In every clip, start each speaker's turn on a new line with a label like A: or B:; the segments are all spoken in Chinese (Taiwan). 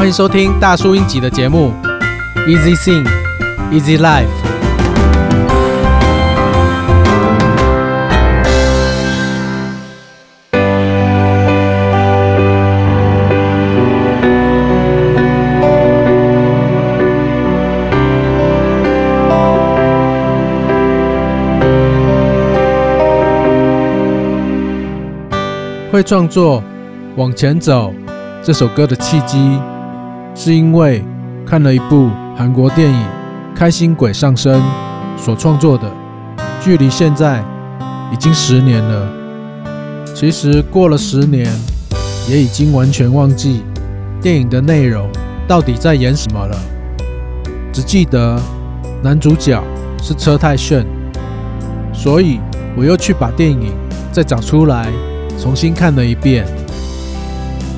A: 歡迎收聽大叔音集的節目《Easy Sing, Easy Life》。會創作《往前走》這首歌的契機，是因為看了一部韓國電影《開心鬼上身》所創作的，距離現在已經十年了。其實過了十年，也已經完全忘記電影的內容到底在演什麼了，只記得男主角是車太鉉，所以我又去把電影再找出來，重新看了一遍。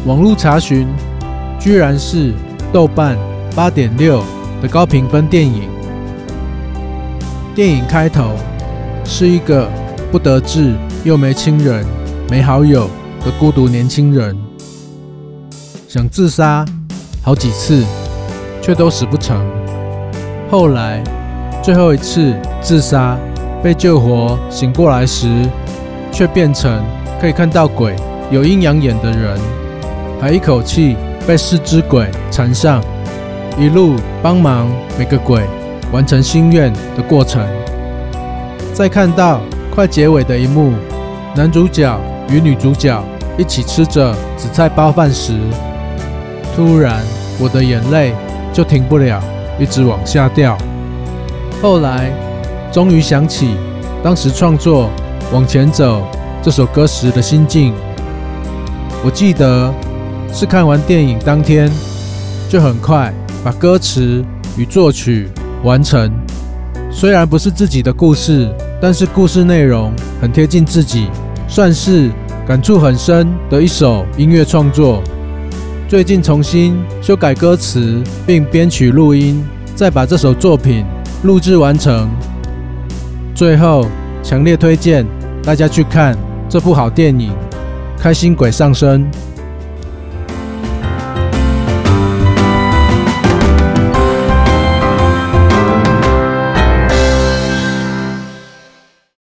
A: 網絡查詢。居然是豆瓣八點六的高評分電影。電影開頭是一個不得志又沒親人、沒好友的孤獨年輕人，想自殺好幾次，卻都死不成。後來最後一次自殺被救活，醒過來時卻變成可以看到鬼、有陰陽眼的人，還一口氣。被四隻鬼纏上，一路幫忙每個鬼完成心願的過程。在看到快結尾的一幕，男主角與女主角一起吃着紫菜包飯時，突然我的眼淚就停不了，一直往下掉。後來終於想起當時創作《往前走》這首歌時的心境。我記得。是看完電影當天就很快把歌詞與作曲完成。雖然不是自己的故事，但是故事內容很貼近自己，算是感觸很深的一首音樂創作。最近重新修改歌詞並編曲錄音，再把這首作品錄製完成。最後強烈推薦大家去看這部好電影《開心鬼上身》。